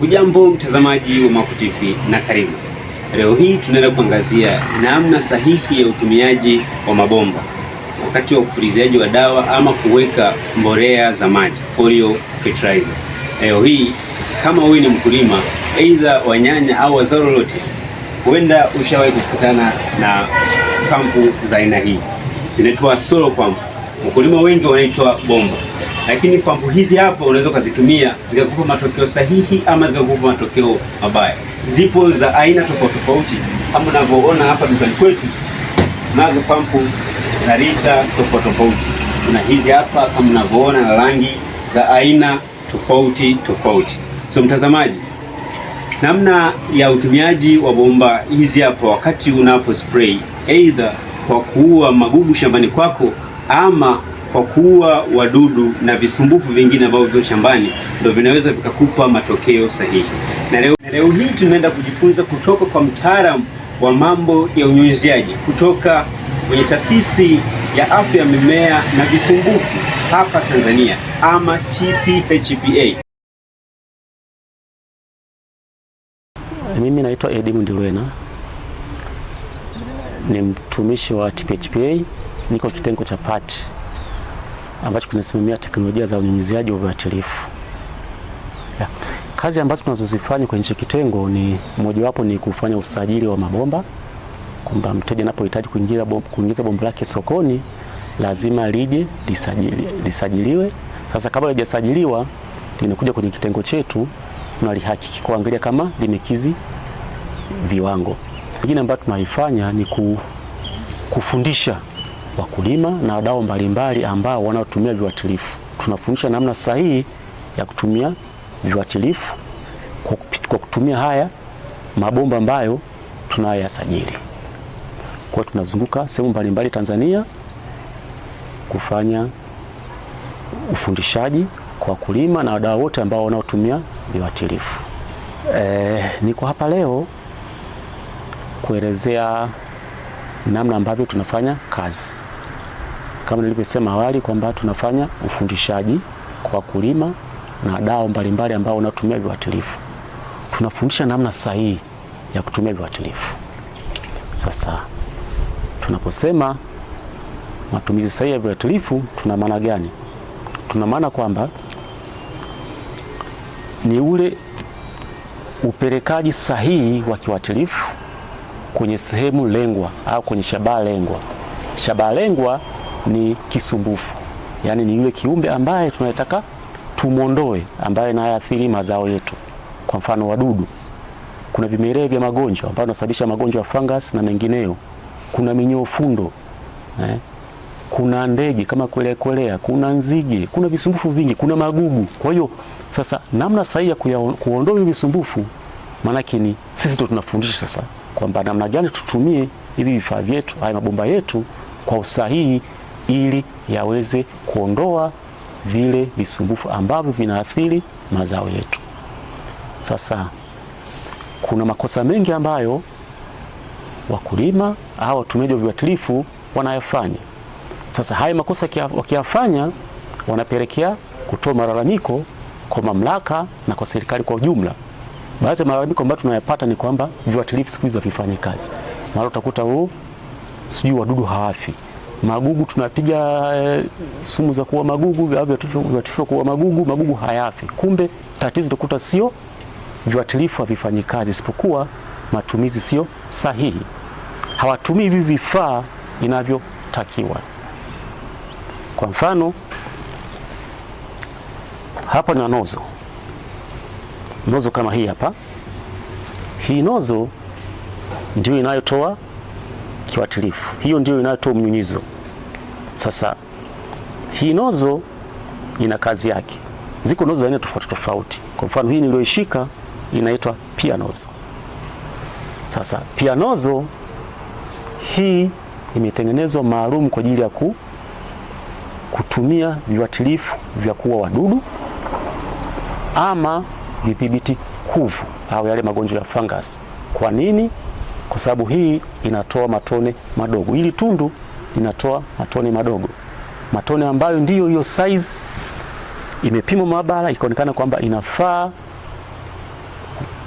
Hujambo mtazamaji wa Maco TV na karibu. Leo hii tunaenda kuangazia namna sahihi ya utumiaji wa mabomba wakati wa upuliziaji wa dawa ama kuweka mbolea za maji folio fertilizer. Leo hii kama wewe ni mkulima aidha wa nyanya au wa zao lolote, huenda ushawahi kukutana na pampu za aina hii, zinaitwa solo pump. Wakulima wengi wanaitwa bomba lakini hizi hapo unaweza ukazitumia zikakupa matokeo sahihi ama zikakupa matokeo mabaya. Zipo za aina tofauti tofauti, kama unavyoona hapa dukani kwetu tunazo pampu za lita tofauti tofauti. Kuna hizi hapa kama unavyoona na rangi za aina tofauti tofauti. So mtazamaji, namna ya utumiaji wa bomba hizi hapa wakati unapo spray, aidha kwa kuua magugu shambani kwako ama kwa kuua wadudu na visumbufu vingine ambavyo viko shambani ndio vinaweza vikakupa matokeo sahihi. Na leo, na leo hii tunaenda kujifunza kutoka kwa mtaalamu wa mambo ya unyunyiziaji kutoka kwenye taasisi ya afya ya mimea na visumbufu hapa Tanzania ama TPHPA. Mimi naitwa Edmund Lwena, ni mtumishi wa TPHPA, niko kitengo cha pati ambacho kinasimamia teknolojia za unyunyiziaji wa viuatilifu. Kazi ambazo tunazozifanya kwenye kitengo ni mojawapo ni kufanya usajili wa mabomba, kwamba mteja anapohitaji kuingiza bomba, bomba lake sokoni lazima lije lisajili, lisajiliwe. Sasa kabla lijasajiliwa linakuja kwenye kitengo chetu tunalihakiki kuangalia kama limekizi viwango. Ingine ambayo tunaifanya ni kufundisha wakulima na wadau mbalimbali ambao wanaotumia viuatilifu. Tunafundisha namna sahihi ya kutumia viuatilifu kwa kutumia haya mabomba ambayo tunayoyasajili. Kwa tunazunguka sehemu mbalimbali Tanzania kufanya ufundishaji kwa wakulima na wadau wote ambao wanaotumia viuatilifu. E, niko hapa leo kuelezea namna ambavyo tunafanya kazi kama nilivyosema awali kwamba tunafanya ufundishaji kwa wakulima na dao mbalimbali ambao unatumia viwatilifu Tunafundisha namna sahihi ya kutumia viwatilifu Sasa tunaposema matumizi sahihi ya viwatilifu tuna maana gani? Tuna maana kwamba ni ule upelekaji sahihi wa kiwatilifu kwenye sehemu lengwa au kwenye shabaha lengwa. Shabaha lengwa ni kisumbufu, yaani ni yule kiumbe ambaye tunataka tumwondoe, ambaye anayeathiri mazao yetu, kwa mfano wadudu. Kuna vimelea vya magonjwa ambayo nasababisha magonjwa ya fungus na mengineyo. Kuna minyoo fundo eh? Kuna ndege kama kwelea kwelea, kuna nzige, kuna visumbufu vingi, kuna magugu. Kwa hiyo sasa, namna sahihi ya kuondoa hivi visumbufu, maanake ni sisi ndio tunafundisha sasa kwamba namna gani tutumie hivi vifaa vyetu, haya mabomba yetu kwa usahihi ili yaweze kuondoa vile visumbufu ambavyo vinaathiri mazao yetu. Sasa kuna makosa mengi ambayo wakulima au watumiaji wa viuatilifu wanayafanya. Sasa haya makosa wakiyafanya, wanapelekea kutoa malalamiko kwa mamlaka na kwa serikali kwa ujumla. Baadhi ya malalamiko ambayo tunayapata ni kwamba viuatilifu siku hizi havifanyi kazi, mara utakuta huu sijui wadudu hawafi magugu tunapiga e, sumu za kuua magugu, viuatilifu kuua magugu, magugu hayafi. Kumbe tatizo tukuta sio viuatilifu havifanyi kazi, isipokuwa matumizi sio sahihi, hawatumii hivi vifaa inavyotakiwa. Kwa mfano hapa na nozo, nozo kama hii hapa, hii nozo ndio inayotoa kiuatilifu, hiyo ndio inayotoa mnyunyizo. Sasa hii nozo ina kazi yake, ziko nozo za aina tofauti tofauti. Kwa mfano hii niliyoishika inaitwa pia nozo. Sasa pia nozo hii imetengenezwa maalum kwa ajili ya ku, kutumia viuatilifu vya kuua wadudu ama vidhibiti kuvu au yale magonjwa ya fungus. Kwa nini? Kwa sababu hii inatoa matone madogo, ili tundu inatoa matone madogo, matone ambayo ndiyo hiyo size imepimwa maabara, ikaonekana kwamba inafaa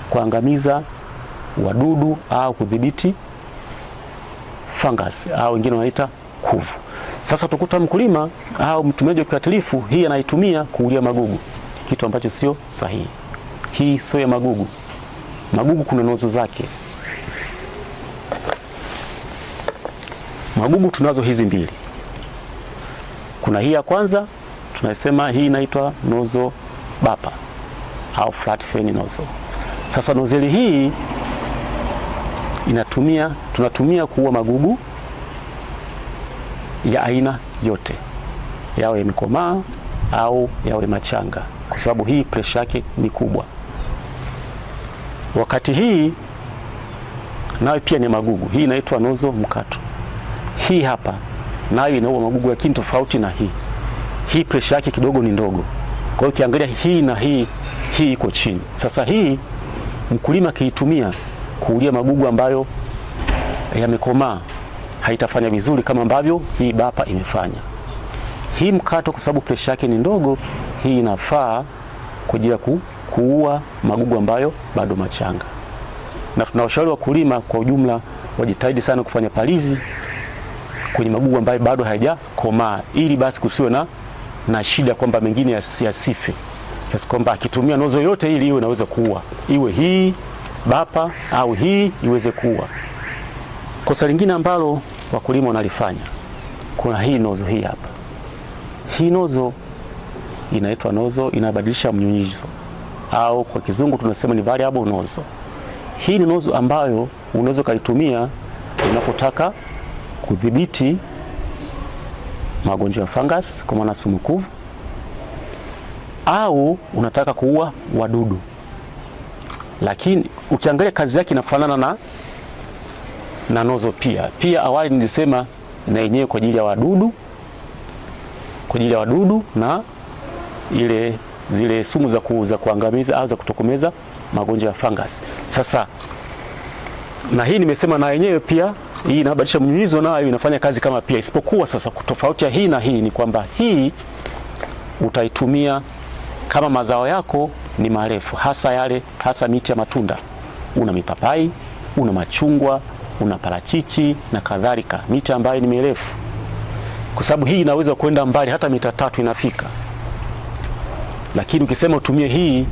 kuangamiza wadudu au kudhibiti fungus au wengine wanaita kuvu. Sasa tukuta mkulima au mtumiaji wa kiuatilifu hii anaitumia kuulia magugu, kitu ambacho sio sahihi. Hii sio ya magugu. Magugu kuna nozo zake. magugu tunazo hizi mbili. Kuna hii ya kwanza tunasema hii inaitwa nozo bapa au flat fan nozo. Sasa nozeli hii inatumia tunatumia kuua magugu ya aina yote, yawe mikomaa au yawe machanga, kwa sababu hii presha yake ni kubwa. Wakati hii nayo pia ni magugu, hii inaitwa nozo mkato. Hii hapa nayo inaua magugu, lakini tofauti na hii hii, presha yake kidogo ni ndogo. Kwa hiyo ukiangalia hii na hii, hii iko chini. Sasa hii mkulima akiitumia kuulia magugu ambayo yamekomaa haitafanya vizuri kama ambavyo hii bapa imefanya. Hii mkato, kwa sababu presha yake ni ndogo, hii inafaa kwa ajili ya ku, kuua magugu ambayo bado machanga, na tunawashauri wakulima kwa ujumla wajitahidi sana kufanya palizi kwenye magugu ambayo bado hayajakomaa, ili basi kusiwe na, na shida kwamba mengine yasife, kiasi kwamba akitumia nozo yote ili iwe inaweza kuua, iwe hii bapa au hii iweze kuua. Kosa lingine ambalo wakulima wanalifanya, kuna hii nozo hii hapa. Hii nozo inaitwa nozo inabadilisha mnyunyizo au kwa kizungu tunasema ni variable nozo. Hii ni nozo ambayo unaweza ukaitumia unapotaka kudhibiti magonjwa ya fungus kwa maana sumu kuvu, au unataka kuua wadudu. Lakini ukiangalia kazi yake inafanana na, na nozo pia pia. Awali nilisema na yenyewe kwa ajili ya wadudu, kwa ajili ya wadudu na ile zile sumu za, ku, za kuangamiza au za kutokomeza magonjwa ya fungus. Sasa na hii nimesema na yenyewe pia hii inabadilisha mnyunyizo, nayo inafanya kazi kama pia, isipokuwa sasa tofauti ya hii na hii ni kwamba hii utaitumia kama mazao yako ni marefu, hasa yale hasa miti ya matunda, una mipapai, una machungwa, una parachichi na kadhalika, miti ambayo ni mirefu, kwa sababu hii inaweza kwenda mbali hata mita tatu inafika, lakini ukisema utumie hii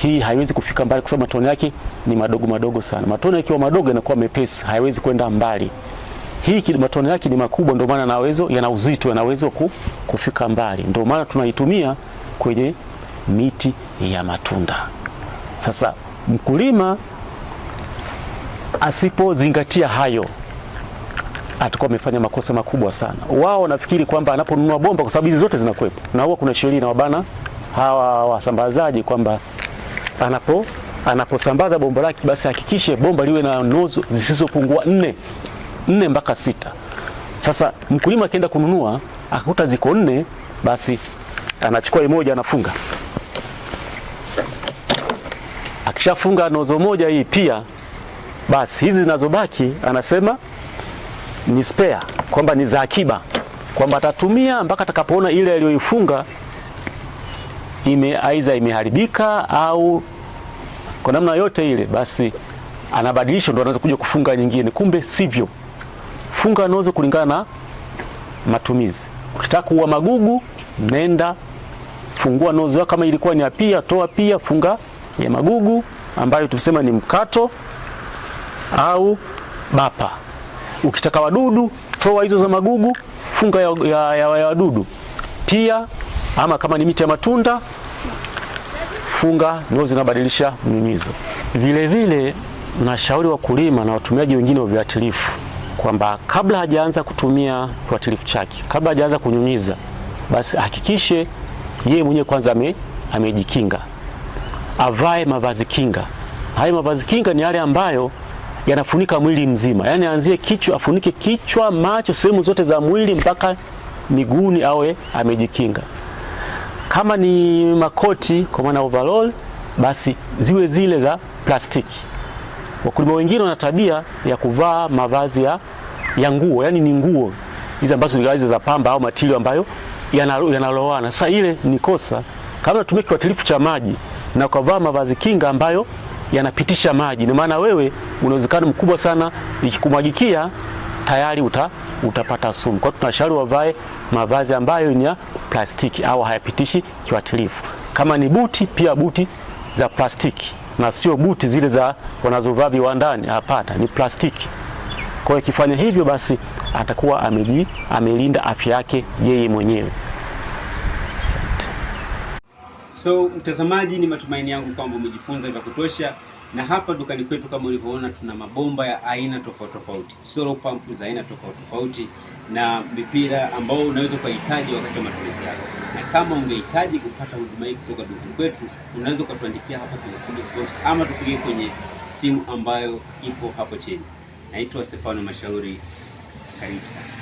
hii haiwezi kufika mbali kwa sababu matone yake ni madogo madogo sana. Matone yakiwa madogo yanakuwa mepesi, haiwezi kwenda mbali. Hii matone yake ni makubwa, ndio maana nawezo yana uzito, yanaweza kufika mbali. Ndio maana tunaitumia kwenye miti ya matunda. Sasa mkulima asipozingatia hayo atakuwa amefanya makosa makubwa sana. Wao wanafikiri kwamba anaponunua bomba, kwa sababu hizi zote zinakuwepo, na huwa kuna sheria inawabana hawa wasambazaji kwamba anapo anaposambaza bomba lake, basi hakikishe bomba liwe na nozo zisizopungua nne nne mpaka sita. Sasa mkulima akienda kununua akakuta ziko nne, basi anachukua moja anafunga. Akishafunga nozo moja hii pia, basi hizi zinazobaki anasema ni spare, kwamba ni za akiba, kwamba atatumia mpaka atakapoona ile aliyoifunga ime aidha imeharibika au kwa namna yote ile, basi anabadilisha, ndo anaweza kuja kufunga nyingine. Kumbe sivyo, funga nozo kulingana na matumizi. Ukitaka kuua magugu, nenda fungua nozo yako, kama ilikuwa ni apia, toa pia funga ya magugu ambayo tusema ni mkato au bapa. Ukitaka wadudu, toa hizo za magugu, funga ya, ya, ya, ya wadudu pia ama kama ni miti ya matunda funga ndio zinabadilisha mnyunyizo. Vilevile nashauri wakulima na watumiaji wengine wa viuatilifu kwamba kabla hajaanza kutumia kiuatilifu chake, kabla hajaanza kunyunyiza, basi hakikishe yeye mwenyewe kwanza ame, amejikinga, avae mavazi kinga. Haya mavazi kinga ni yale ambayo yanafunika mwili mzima, yaani aanzie kichwa, afunike kichwa, macho, sehemu zote za mwili mpaka miguuni, awe amejikinga. Kama ni makoti kwa maana overall, basi ziwe zile za plastiki. Wakulima wengine wana tabia ya kuvaa mavazi ya, ya nguo, yani ni nguo hizi ambazo ni za pamba au matilio ambayo yanaloana yana. Sasa ile ni kosa kama unatumia kiwatilifu cha maji na ukavaa mavazi kinga ambayo yanapitisha maji, ni maana wewe una uwezekano mkubwa sana ikikumwagikia tayari uta, utapata sumu. Kwa hiyo tunashauri wavae mavazi ambayo ni ya plastiki au hayapitishi kiwatilifu Kama ni buti, pia buti za plastiki na sio buti zile za wanazovaa viwandani, hapana, ni plastiki. Kwa hiyo ikifanya hivyo basi atakuwa ameji amelinda afya yake yeye mwenyewe. So mtazamaji, ni matumaini yangu kwamba umejifunza vya kutosha na hapa dukani kwetu kama ulivyoona, tuna mabomba ya aina tofauti tofauti, solar pump za aina tofauti tofauti, na mipira ambao unaweza ukahitaji wakati wa matumizi yako. Na kama ungehitaji kupata huduma hii kutoka dukani kwetu, unaweza ukatuandikia hapa kwenye comment box ama tupigie kwenye simu ambayo ipo hapo chini. Naitwa Stefano Mashauri, karibu sana.